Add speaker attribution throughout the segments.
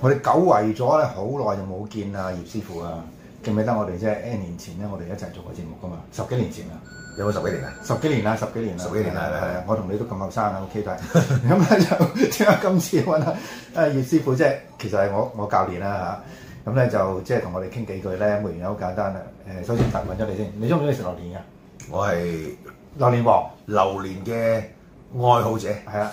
Speaker 1: 我哋久違咗咧，好耐就冇見啦，葉師傅啊，記唔記得我哋即係？N 年前咧，我哋一齊做過節目噶嘛，十幾年前啦，有冇十幾年啊？十幾年啦，十幾年啦，十幾年啦，係啊！我同你都咁後生啊，O.K. 咁咧就點解今次揾啊葉師傅即係？其實係我我教練啦吓，咁、啊、咧就即係同我哋傾幾句咧，冇原因好簡單啦。誒，首先問問咗你先，你中唔中意食榴蓮㗎？我係榴蓮王，榴蓮嘅愛好者，係啊。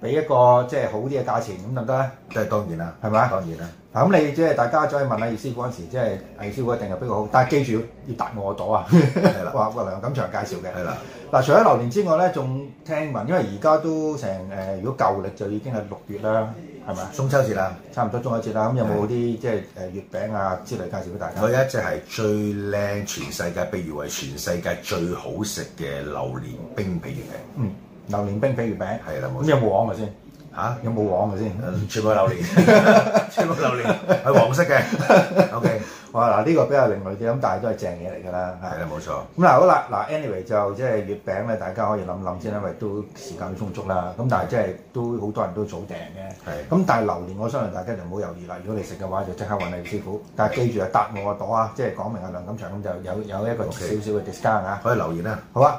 Speaker 1: 俾一個即係好啲嘅價錢咁得唔得咧？即係當然啦，係咪吧？當然啦。嗱，咁你即係大家再問下阿易師傅嗰陣時，即係阿易師傅一定係比較好。但係記住要答我朵啊！係啦的，哇哇！梁錦祥介紹嘅。係啦的。嗱，除咗榴蓮之外咧，仲聽聞，因為而家都成誒、呃，如果舊歷就已經係六月啦，係咪？中秋節啦，差唔多中秋節啦。咁的有冇啲即係誒月餅啊之類介紹俾大家？佢一
Speaker 2: 隻係最靚全世界，譬如話全世界最好食嘅榴蓮冰皮月餅。嗯。榴蓮冰皮月餅係啦，咁有冇黃嘅先？嚇，有冇黃嘅先？全部榴蓮，全部榴蓮，係黃色嘅。OK，
Speaker 1: 哇嗱，呢個比較另類啲，咁但係都係正嘢嚟㗎啦。係啦，冇錯。咁嗱，好啦，嗱，anyway 就即係月餅咧，大家可以諗諗先，因為都時間都充足啦。咁但係即係都好多人都早訂嘅。係。咁但係榴蓮，我相信大家就唔好猶豫啦。如果你食嘅話，就即刻揾你師傅。但係記住啊，搭我個朵啊，即係講明啊，梁錦祥咁就有有一個少少嘅 discount 啊。可以留言啊，好啊。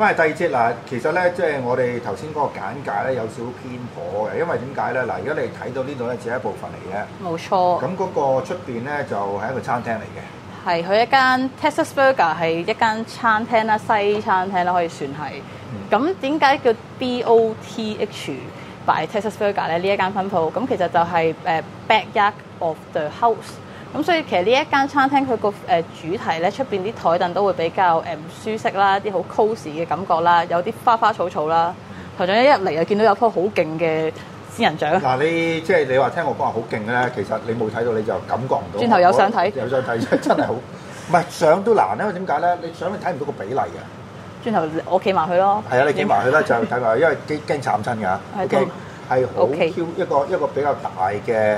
Speaker 1: 咁係第二節嗱，其實咧，即係我哋頭先嗰個簡介咧有少少偏頗嘅，因為點解咧嗱？如果你睇到呢度咧，只係一部分嚟嘅，冇錯。咁嗰個出邊咧就係一個餐廳嚟嘅，
Speaker 3: 係佢一間 Texas Burger 係一間餐廳啦，西餐廳啦可以算係。咁點解叫 B O T H by Texas Burger 咧？呢一間分鋪，咁其實就係誒 Backyard of the House。咁所以其實呢一間餐廳佢個誒主題咧，出邊啲台凳都會比較誒舒適啦，啲好 cozy 嘅感覺啦，有啲花花草草啦。台長一入嚟就見到有一棵好勁嘅
Speaker 1: 仙人掌。嗱、啊，你即係你話聽我講話好勁咧，其實你冇睇到你就感覺唔到。轉頭有相睇，有相睇， 真係好。唔係相都難咧，因為點解咧？你相你睇唔到個比例嘅。
Speaker 3: 轉頭我企埋佢咯。係啊，你企埋佢啦， 就睇埋
Speaker 1: 佢，因為驚驚慘親㗎。係 o k 好一個一個比較大嘅。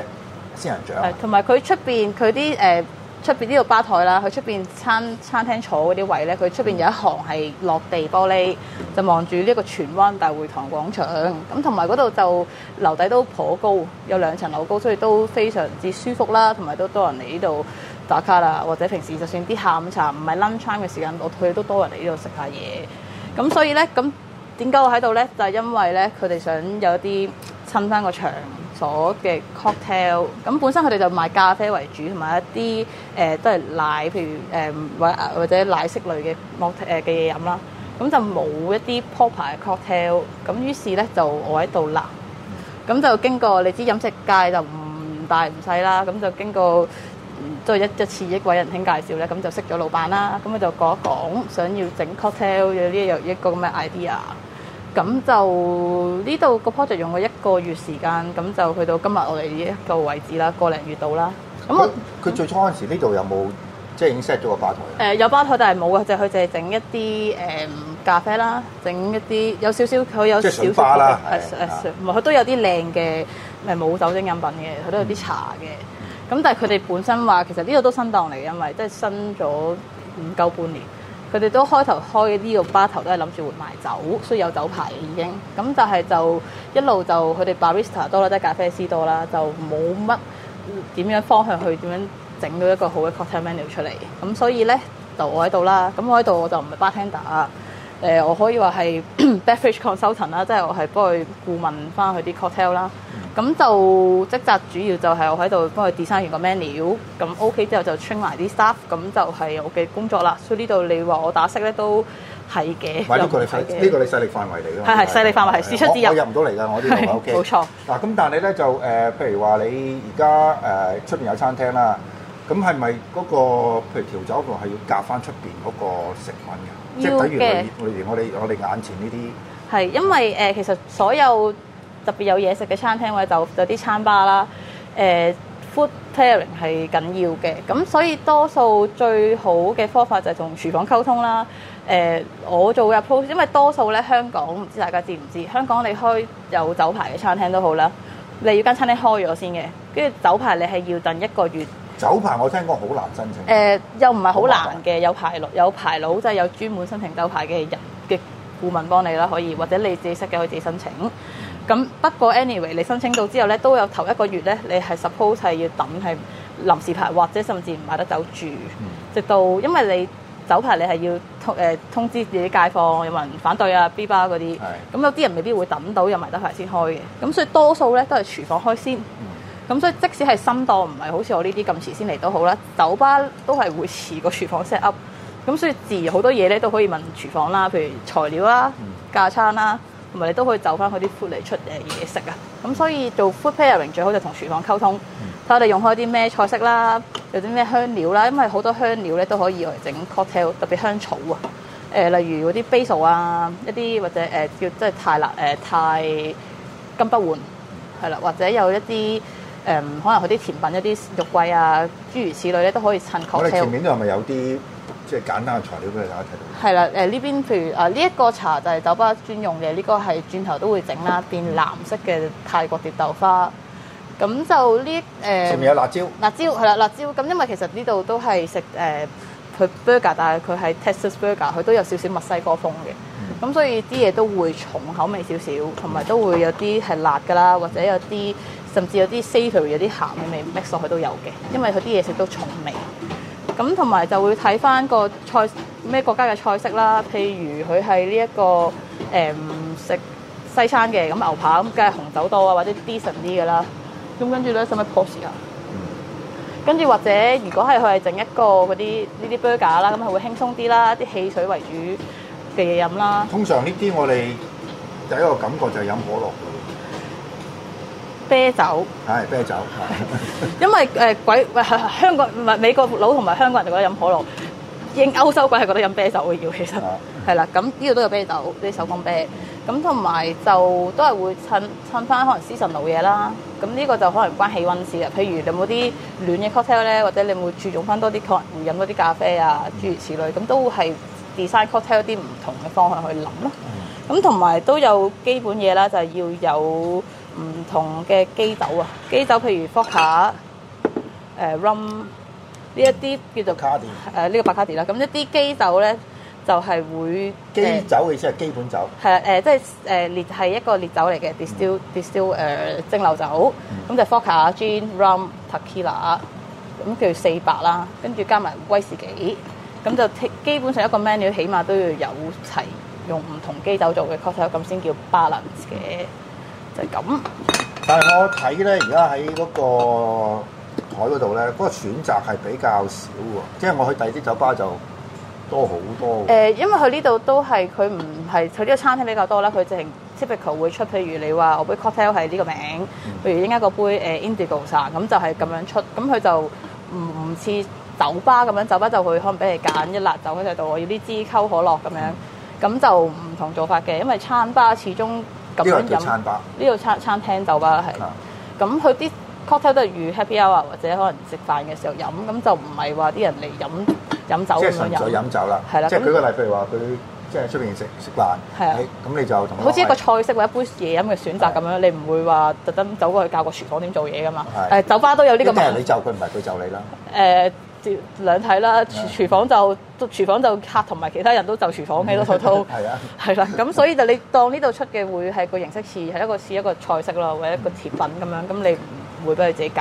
Speaker 1: 仙人
Speaker 3: 掌，同埋佢出邊佢啲誒出邊呢度吧台啦，佢出邊餐餐廳坐嗰啲位咧，佢出邊有一行係落地玻璃，就望住呢個荃灣大會堂廣場。咁同埋嗰度就樓底都頗高，有兩層樓高，所以都非常之舒服啦。同埋都多人嚟呢度打卡啦，或者平時就算啲下午茶唔係 lunch time 嘅時間，我佢都多人嚟呢度食下嘢。咁所以呢，咁點解我喺度呢？就係因為呢，佢哋想有啲襯翻個場。所嘅 cocktail，咁本身佢哋就賣咖啡為主，同埋一啲誒都係奶，譬如誒或或者奶昔類嘅莫誒嘅嘢飲啦。咁就冇一啲 proper cocktail，咁於是咧就我喺度諗，咁就經過你知飲食界就唔大唔細啦，咁就經過都係一一次一位人兄介紹咧，咁就識咗老闆啦。咁佢就講一講，想要整 cocktail 嘅呢又一個咁嘅 idea。咁就呢度個 project 用咗一個月時間，咁就去到今日我哋呢一個位置啦，個零月到啦。
Speaker 1: 咁佢最初嗰陣時有有，呢度有冇即係已經 set 咗個吧台
Speaker 3: 啊？有吧台，但係冇嘅，就佢就係整一啲咖啡啦，整一啲有少少佢有少少，係啦。唔係佢都有啲靚嘅冇酒精飲品嘅，佢都有啲茶嘅。咁但係佢哋本身話，其實呢度都新檔嚟嘅，因為即係新咗唔夠半年。佢哋都開頭開呢個巴頭都係諗住換埋酒，所以有酒牌嘅已經。咁但係就，是就一路就佢哋 barista 多啦，即、就、係、是、咖啡師多啦，就冇乜點樣方向去點樣整到一個好嘅 cocktail menu 出嚟。咁所以咧就我喺度啦。咁我喺度我就唔係 bartender 誒我可以話係 beverage consultant 啦，即係我係幫佢顧問翻佢啲 cocktail 啦。咁、嗯、就職責主要就係我喺度幫佢 design 完個 menu，咁 OK 之後就 train 埋啲 staff，咁就係我嘅工作啦。所以呢度你話我打色咧都係嘅，呢個，個你勢力範圍嚟咯，
Speaker 1: 係，係的的勢力範圍係輸出啲入。我入唔到嚟㗎，我呢度冇錯。嗱咁但係咧就誒、呃，譬如話你而家誒出邊有餐廳啦，咁係咪嗰個譬如調酒度係要夾翻出邊嗰個食品㗎？即係例如我哋我哋眼前呢啲
Speaker 3: 係因為誒、呃、其實所有特別有嘢食嘅餐廳或者有啲餐吧啦，誒 food tailoring 係緊要嘅，咁所以多數最好嘅方法就係同廚房溝通啦。誒、呃、我做入 post，因為多數咧香港唔知大家知唔知香港你開有酒牌嘅餐廳都好啦，你要間餐廳開咗先嘅，跟住酒牌你係要等一個月。酒牌我聽過好難申請，誒、呃、又唔係好難嘅，有牌佬有牌佬就係有專門申請酒牌嘅人嘅顧問幫你啦，可以或者你自己識嘅去自己申請。咁不過 anyway 你申請到之後咧，都有頭一個月咧，你係 suppose 係要等係臨時牌，或者甚至唔買得走住，嗯、直到因為你酒牌你係要通誒、呃、通知自己街坊有，有人反對啊、B 包嗰啲，咁是有啲人未必會等到有埋得牌先開嘅，咁所以多數咧都係廚房開先。嗯。咁所以即使係深度唔係好似我呢啲咁遲先嚟都好啦，酒吧都係會遲過廚房 set up。咁所以自然好多嘢咧都可以問廚房啦，譬如材料啦、架餐啦，同埋你都可以走翻佢啲 food 嚟出誒嘢食啊。咁所以做 food pairing 最好就同廚房溝通，睇我哋用開啲咩菜式啦，有啲咩香料啦，因為好多香料咧都可以嚟整 cocktail，特別香草啊、呃。例如嗰啲 basil 啊，一啲或者、呃、叫即係太辣、呃、太金不換係啦，或者有一啲。誒，可能佢啲甜品一啲肉桂啊，諸如此類咧，都可以襯。我哋前面都係
Speaker 1: 咪有啲即係簡單嘅材料俾你大
Speaker 3: 家睇到？係啦，誒呢邊譬如啊，呢一個茶就係酒吧專用嘅，呢個係轉頭都會整啦，變藍色嘅泰國蝶豆花。咁就呢誒，啊、前面有辣椒，辣椒係啦，辣椒。咁因為其實呢度都係食佢 burger，但係佢係 Texas burger，佢都有少少墨西哥風嘅。咁、嗯、所以啲嘢都會重口味少少，同埋都會有啲係辣㗎啦，或者有啲。甚至有啲 savory 有啲鹹嘅味 mix 落去都有嘅，因為佢啲嘢食都重味。咁同埋就會睇翻個菜咩國家嘅菜式啦，譬如佢係呢一個誒、嗯、食西餐嘅，咁牛扒咁梗係紅酒多啊，或者 dessert 啲嘅啦。咁跟住咧，使唔使 post 啊？跟住、嗯、或者如果係佢係整一個嗰啲呢啲 burger 啦，咁佢會輕鬆啲啦，啲汽水為主嘅嘢飲啦。通
Speaker 1: 常呢啲我哋第一個感覺就係飲可樂
Speaker 3: 啤酒係啤酒，因為誒鬼喂，香港唔係美國佬，同埋香港人就覺得飲可樂，應歐洲鬼係覺得飲啤酒嘅要其實係啦，咁呢度都有啤酒啲手工啤，咁同埋就都係會襯襯翻可能 seasonal 嘢啦，咁呢個就可能關氣溫事啊。譬如你冇啲暖嘅 cocktail 咧，或者你會注重翻多啲，可能會飲多啲咖啡啊，諸如此類，咁都係 design cocktail 一啲唔同嘅方向去諗咯。咁同埋都有基本嘢啦，就係要有。唔同嘅基酒啊，基酒譬如 Vodka 誒 Rum 呢一啲叫做卡誒呢個白卡迪啦，咁一啲基酒咧就係會，基
Speaker 1: 酒意思係基本酒，係
Speaker 3: 啊誒即係誒烈係一個烈酒嚟嘅 Distill Distill 誒、呃、蒸餾酒，咁就 Vodka、Gin Rum、Tequila，咁叫四百啦，跟住加埋威士忌，咁就基本上一個 menu 起碼都要有齊用唔同基酒做嘅 cocktail，咁先叫 balance 嘅。就係咁，
Speaker 1: 但係我睇咧，而家喺嗰個台嗰度咧，嗰、那個選擇係比較少喎。即係我去第二啲酒吧就多好多。
Speaker 2: 誒、
Speaker 3: 呃，因為佢呢度都係佢唔係佢呢個餐廳比較多啦。佢直情 typical 會出，譬如你話我杯 cocktail 係呢個名，嗯、譬如而家個杯誒 indigo 沙，咁、呃、就係咁樣出。咁佢就唔唔似酒吧咁樣，酒吧就會可能俾你揀一辣酒嗰度，我要啲支溝可樂咁樣，咁就唔同做法嘅。因為餐吧始終。呢度餐吧，呢度餐餐廳酒吧係，咁佢啲 cocktail 都係如 happy hour 或者可能食飯嘅時候飲，咁就唔係話啲人嚟飲飲酒咁樣飲。即係純飲酒啦，係啦。即係舉個例，
Speaker 1: 譬如話佢即係出面食食飯，係啊，咁你就好似一個
Speaker 3: 菜式或者一杯嘢飲嘅選擇咁樣，你唔會話特登走過去教個廚房點做嘢噶嘛。係酒吧都有呢個。即係你
Speaker 1: 就佢唔係佢就你啦。
Speaker 3: 誒。兩睇啦，廚房就廚 Yeah. 房就客同埋其他人都就廚房嘅咯，統套，係啊，係啦，咁所以就你當呢度出嘅會係個形式似係一個似一個菜式咯，或者一個甜品咁樣，咁你唔會俾佢自己揀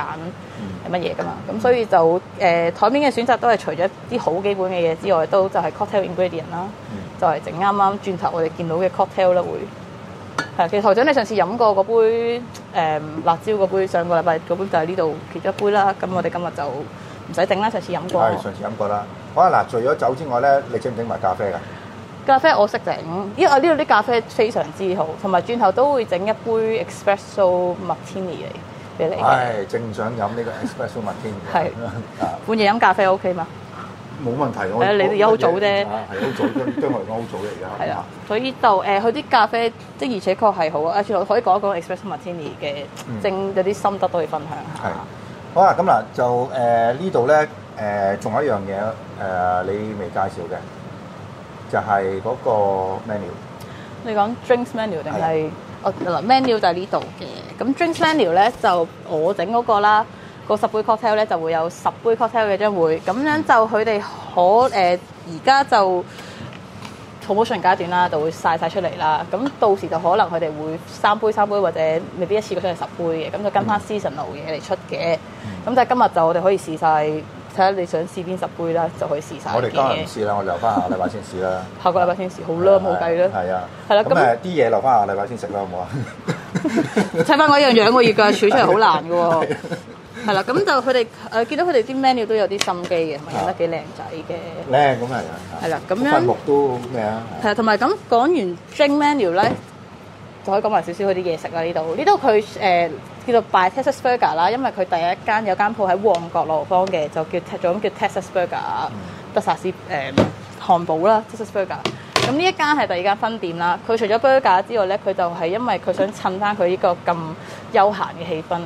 Speaker 3: 係乜嘢噶嘛，咁所以就誒台、呃、面嘅選擇都係除咗啲好基本嘅嘢之外，都 Yeah. 就係 cocktail ingredient 啦，就係整啱啱轉頭我哋見到嘅 cocktail 啦，會係其實台長你上次飲過嗰杯、呃、辣椒嗰杯，上個禮拜嗰杯就喺呢度結咗杯啦，咁我哋今日就。唔使整啦，上次飲過了。係上次
Speaker 1: 飲過啦。啊嗱，除咗酒之外咧，你整唔整埋咖啡噶？
Speaker 3: 咖啡我識整，因為呢度啲咖啡非常之好，同埋轉頭都會整一杯 espresso martini 嚟俾你嘅。
Speaker 1: 係正想飲呢個 espresso martini。係
Speaker 3: 半夜飲咖啡 OK 嘛？
Speaker 1: 冇問題，的我你而家好早啫，係好早，對對我嚟講好早
Speaker 3: 嚟。而家係啦，所以就誒，佢啲咖啡的確確，即而且確係好啊。阿 Sir 可以講一講 espresso martini 嘅正有啲、嗯、心得都可以分享下。
Speaker 1: 好啦，咁啦就誒、呃、呢度咧，誒、呃、仲有一樣嘢誒你未介紹嘅，就係、是、嗰個說 menu。
Speaker 3: 你講 drinks menu 定係？我嗱、oh, menu 就係呢度嘅。咁 drinks menu 咧就我整嗰、那個啦，個十杯 cocktail 咧就會有十杯 cocktail 嘅張會，咁樣就佢哋可誒而家就，promotion 階段啦，就會晒晒出嚟啦。咁到時就可能佢哋會三杯三杯，或者未必一次過出嚟十杯嘅。咁就跟翻 seasonal 嘢嚟出嘅。咁但係今日就我哋可以試晒，睇下你想試邊十杯啦，就可以試晒。我哋今日唔
Speaker 1: 試啦，我哋留翻下禮拜先試啦。
Speaker 3: 下個禮拜先試，好啦，冇的計啦。
Speaker 1: 係啊，係啦，咁誒啲嘢留翻下禮拜先食啦，好唔好
Speaker 3: 啊？睇 翻 我一樣兩個月嘅取出嚟好難嘅喎。係啦，咁 就佢哋誒見到佢哋啲 menu 都有啲心機嘅，同埋覺得幾靚仔嘅。靚。
Speaker 1: 咁係啊。係啦的，咁樣。氛圍都咩
Speaker 3: 啊？係啊，同埋咁講完 drink menu 咧，就可以講埋少少佢啲嘢食啦。呢度呢度佢誒叫做 By Texas Burger 啦，因為佢第一間有間鋪喺旺角朗豪坊嘅，就叫做咁叫，叫 Texas Burger，嗯、德薩斯誒、呃、漢堡啦，Texas Burger。咁呢一間係第二間分店啦。佢除咗 burger 之外咧，佢就係因為佢想襯翻佢呢個咁悠閒嘅氣氛，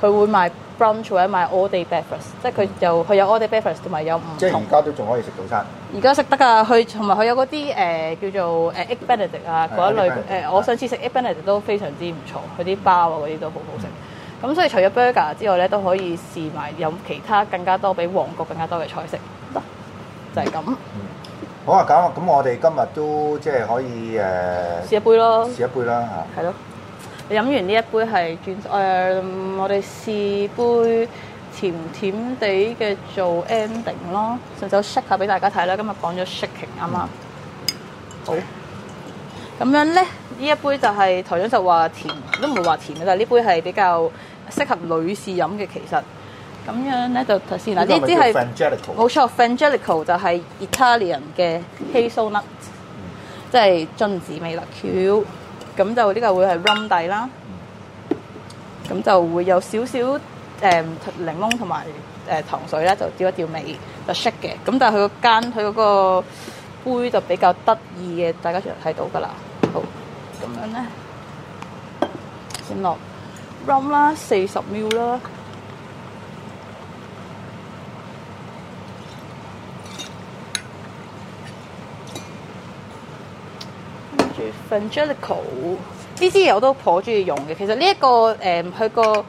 Speaker 3: 佢會賣。from 除咗或買 all day breakfast，即係佢又佢有 all day breakfast 有有同埋有唔即係而家
Speaker 1: 都仲可以食早
Speaker 3: 餐。而家食得啊，佢同埋佢有嗰啲誒叫做誒 egg benedict 啊嗰對一類誒，我上次食 egg benedict 都非常之唔錯，佢啲包啊嗰啲都好好食。咁、嗯、所以除咗 burger 之外咧，都可以試埋有其他更加多比旺角更加多嘅菜式。得就係、
Speaker 1: 是、咁、嗯。好啊，咁咁我哋今日都即係可以誒。呃、試一杯咯。試一杯啦嚇。係咯。
Speaker 3: 飲完呢一杯係轉誒、哎，我哋試杯甜甜地嘅做 ending 咯，就 shake 下俾大家睇啦。今日講咗 shaking 啱唔啱？好，咁樣咧，呢一杯就係、是、台長就話甜，都唔會話甜嘅，但係呢杯係比較適合女士飲嘅，其實咁樣咧就睇先嗱，呢支係冇錯，Frangelico 就係、是、Italian 嘅 Hazelnut，即係榛子味辣 q、嗯咁就呢個會係冧底啦，咁就會有少少誒檸檬同埋誒糖水咧，就調一調味，就 shake 嘅。咁但係佢個間佢嗰個杯就比較得意嘅，大家全係睇到㗎啦。好，咁樣咧，先落冧啦，四十秒啦。Frangelico 呢支嘢我都頗中意用嘅。其實呢、這個呃、一個誒佢個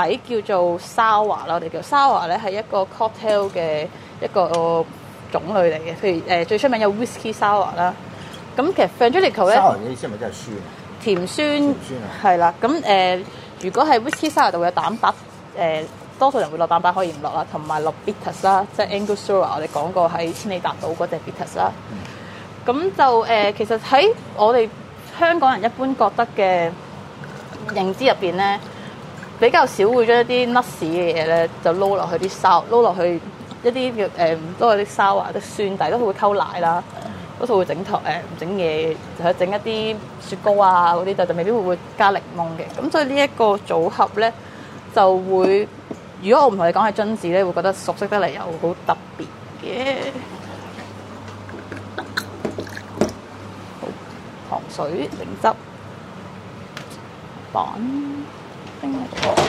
Speaker 3: 底叫做 sour 啦，我哋叫 sour 咧係一個 cocktail 嘅一個種類嚟嘅。譬如誒、呃、最出名有 whisky sour 啦。咁其實 Frangelico 咧，sour 嘅意思
Speaker 1: 係咪即係酸？
Speaker 3: 甜酸。甜酸啊。係啦。咁誒、呃、如果係 whisky sour 度有蛋白誒、呃、多數人會落蛋白，可以唔落啦。同埋落 bitters 啦，即係 Angostura 我哋講過喺千里達島嗰隻 bitters 啦。嗯咁就誒、呃，其實喺我哋香港人一般覺得嘅認知入邊咧，比較少會將一啲甩屎嘅嘢咧，就撈落去啲沙，撈落去一啲叫誒撈落啲沙或者啲酸底，但係都會溝奶啦，多數會整台誒整嘢，就喺整一啲雪糕啊嗰啲，但就未必會會加檸檬嘅。咁所以呢一個組合咧，就會如果我唔同你講係榛子咧，會覺得熟悉得嚟又好特別嘅。糖水檸汁，攬拎呢個。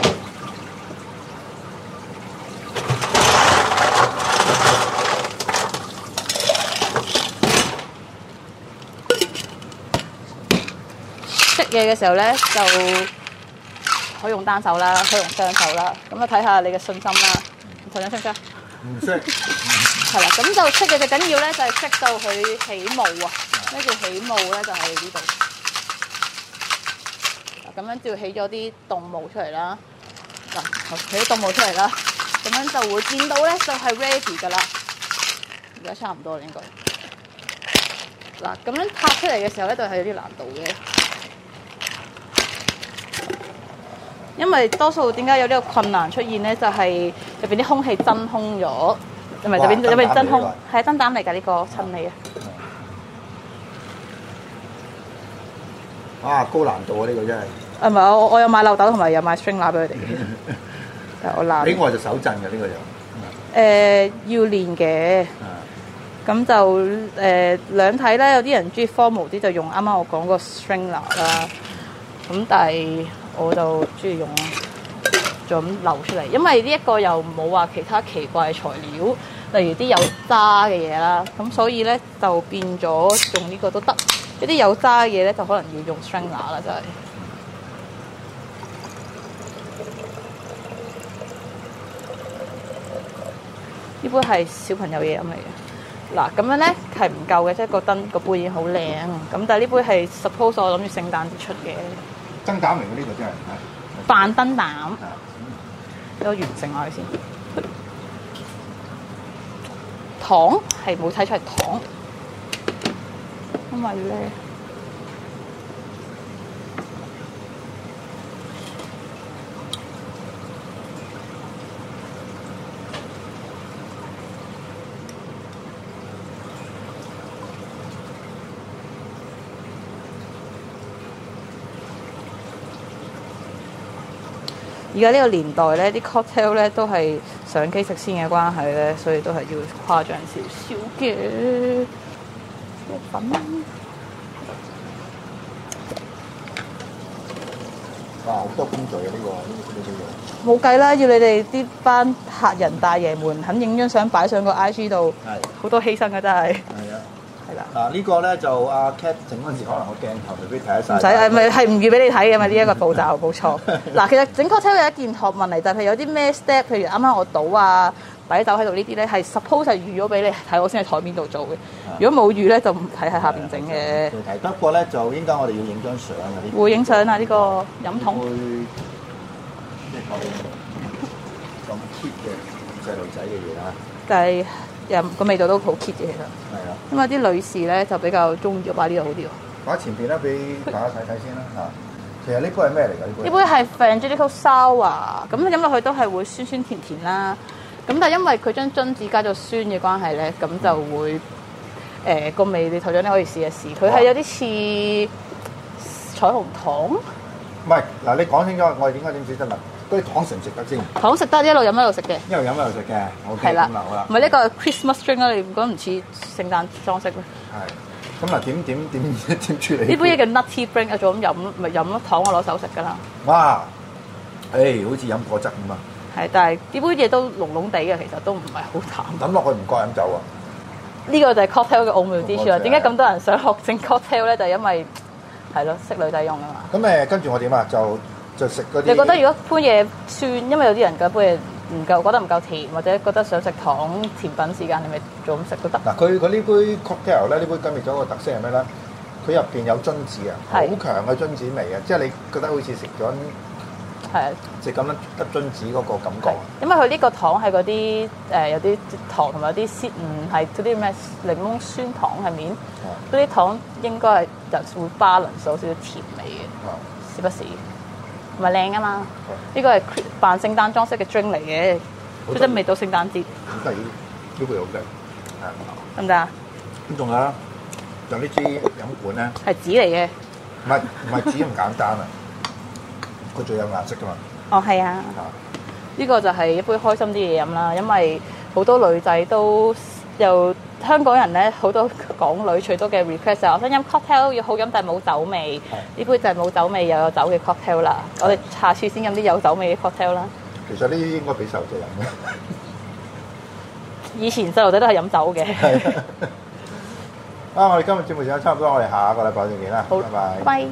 Speaker 3: 識嘢嘅時候咧，就可以用單手啦，可以用雙手啦。咁啊，睇下你嘅信心啦。陳生識唔識啊？識。係啦，咁就識嘅最緊要咧，就係識到佢起霧啊！咩叫起霧咧？就係呢度，咁樣就起咗啲動霧出嚟啦。嗱，起啲動霧出嚟啦，咁樣就會見到咧，就係 ready 噶啦。而家差唔多啦，應該。嗱，咁樣拍出嚟嘅時候咧，呢度係有啲難度嘅，因為多數點解有呢個困難出現咧？就係入邊啲空氣真空咗，唔係入邊，入邊真空？係真膽嚟㗎呢個，親你啊！
Speaker 1: 啊，高難
Speaker 3: 度、這個、啊！呢個真係啊，唔係我我有買漏斗同埋有買 strainer 俾、er、佢哋，但係 我拉。俾我就
Speaker 1: 手
Speaker 3: 震嘅呢個又誒要練嘅，咁就誒兩睇咧。有啲人中意 formal 啲，就用啱啱我講個 strainer 啦、er。咁但係我就中意用就咁漏出嚟，因為呢一個又冇話其他奇怪嘅材料，例如啲有渣嘅嘢啦。咁所以咧就變咗用呢個都得。一啲有渣嘅嘢咧，就可能要用 strainer 啦，真係。呢 杯係小朋友嘢嚟嘅。嗱咁樣咧係唔夠嘅，即係個燈個杯已經好靚，咁 但係呢杯係 suppose 我諗住聖誕節出嘅。
Speaker 1: 燈膽嚟嘅呢個真係，
Speaker 3: 扮燈膽。嗯， 我完成落去先。糖係冇睇出係糖。
Speaker 2: 好，
Speaker 3: 而家呢個年代呢啲 cocktail 咧，都係相機食先嘅關係呢，所以都係要誇張少少嘅。咁，啊好多工序啊呢個呢呢呢個，冇計啦，要你哋啲班客人大爺們肯影張相擺上個 IG 度，係好多犧牲㗎真係，係啊，係
Speaker 1: 啦。嗱，呢個咧就阿 Cat 整嗰陣時可能個鏡頭未必睇得晒，唔使
Speaker 3: 係咪係唔預俾你睇嘅嘛？呢一個步驟冇錯。嗱，其實整個 trip 有一件學問嚟，就係有啲咩 step，譬如啱啱我倒啊。擺酒喺度呢啲咧，係 suppose 係預咗俾你睇，我先喺台面度做嘅。如果冇預咧，就唔睇喺下邊整嘅。
Speaker 1: 係，不過咧就應該我哋要影張相嗱啲。會
Speaker 3: 影相啊！呢、呢個會飲桶。會，即係講緊咁
Speaker 2: h e a p 嘅細路仔
Speaker 3: 嘅嘢啦。啊、但係個味道都好 h e a p 嘅，其實。係啊的。因為啲女士咧就比較中意咗買呢個好啲喎。
Speaker 1: 擺喺前邊咧俾大家睇睇先啦嚇。
Speaker 2: 其實呢杯係咩嚟㗎？呢
Speaker 3: 杯呢杯係 French Vanilla Sour，咁飲落去都係會酸酸甜甜啦。咁但係因為佢將榛子加咗酸嘅關係咧，咁就會誒個、嗯呃、味你頭先你可以試一試，佢係哇有啲似彩虹糖。唔係
Speaker 1: 嗱，你講清楚我哋點解點試得啦？嗰啲糖食唔食得先？
Speaker 3: 糖食得，一路飲一路食嘅。一路飲一路
Speaker 1: 食嘅，OK 的。係啦。唔係呢
Speaker 3: 個 Christmas drink 啊，你唔覺得唔似聖誕裝飾咩？係。
Speaker 1: 咁啊點點點點出嚟？呢杯嘢
Speaker 3: 叫 Nutty Brain 啊，仲飲唔咪飲咯？糖我攞手食㗎啦。
Speaker 1: 哇！誒、哎，好似飲果汁咁啊～
Speaker 3: 係，但係呢杯嘢都濃濃地嘅，其實都唔係好淡。
Speaker 1: 飲落去唔慣飲酒啊？
Speaker 3: 呢個就係 cocktail 嘅奧妙之處啦。點解咁多人想學整 cocktail 咧？就係因為係咯，識女仔用啊嘛。
Speaker 1: 咁誒，跟住我點啊？就就食嗰啲。你覺得如果
Speaker 3: 杯嘢酸，因為有啲人嘅杯嘢唔夠，覺得唔夠甜，或者覺得想食糖甜品時間，你咪做咁食都得。嗱，佢
Speaker 1: 佢呢杯 cocktail 咧，呢杯金別酒嘅特色係咩咧？佢入邊有榛子啊，好強嘅榛子味啊，是即係你覺得好似食咗。係，是就咁樣得樽紙嗰個感覺。
Speaker 3: 因為佢呢個糖係嗰啲有啲糖同埋有啲唔係嗰啲咩檸檬酸糖係面嗰啲、嗯、糖應該係人會 balance 少少甜味嘅，嗯、是不是？唔係靚啊嘛，呢個係扮聖誕裝飾嘅樽嚟嘅，即係未到聖誕節。
Speaker 1: 好正，呢個又好正，係啊。得唔得啊？仲有啊？有呢支飲管咧。係紙嚟嘅。唔係唔係紙咁 簡單啊！
Speaker 3: 最有顏色噶嘛？哦，係啊！呢、啊、個就係一杯開心啲嘢飲啦，因為好多女仔都又香港人咧，好多港女最多嘅 request 我想飲 cocktail 要好飲但係冇酒味，呢是杯就係冇酒味又有酒嘅 cocktail 啦。是我哋下次先飲啲有酒味嘅 cocktail 啦。
Speaker 1: 其實呢啲應該俾細路仔飲嘅。
Speaker 3: 以前細路仔都係飲酒嘅。
Speaker 1: 是啊, 啊！我哋今
Speaker 2: 日節目時間差唔多，我哋下一個禮拜再見啦，好拜拜。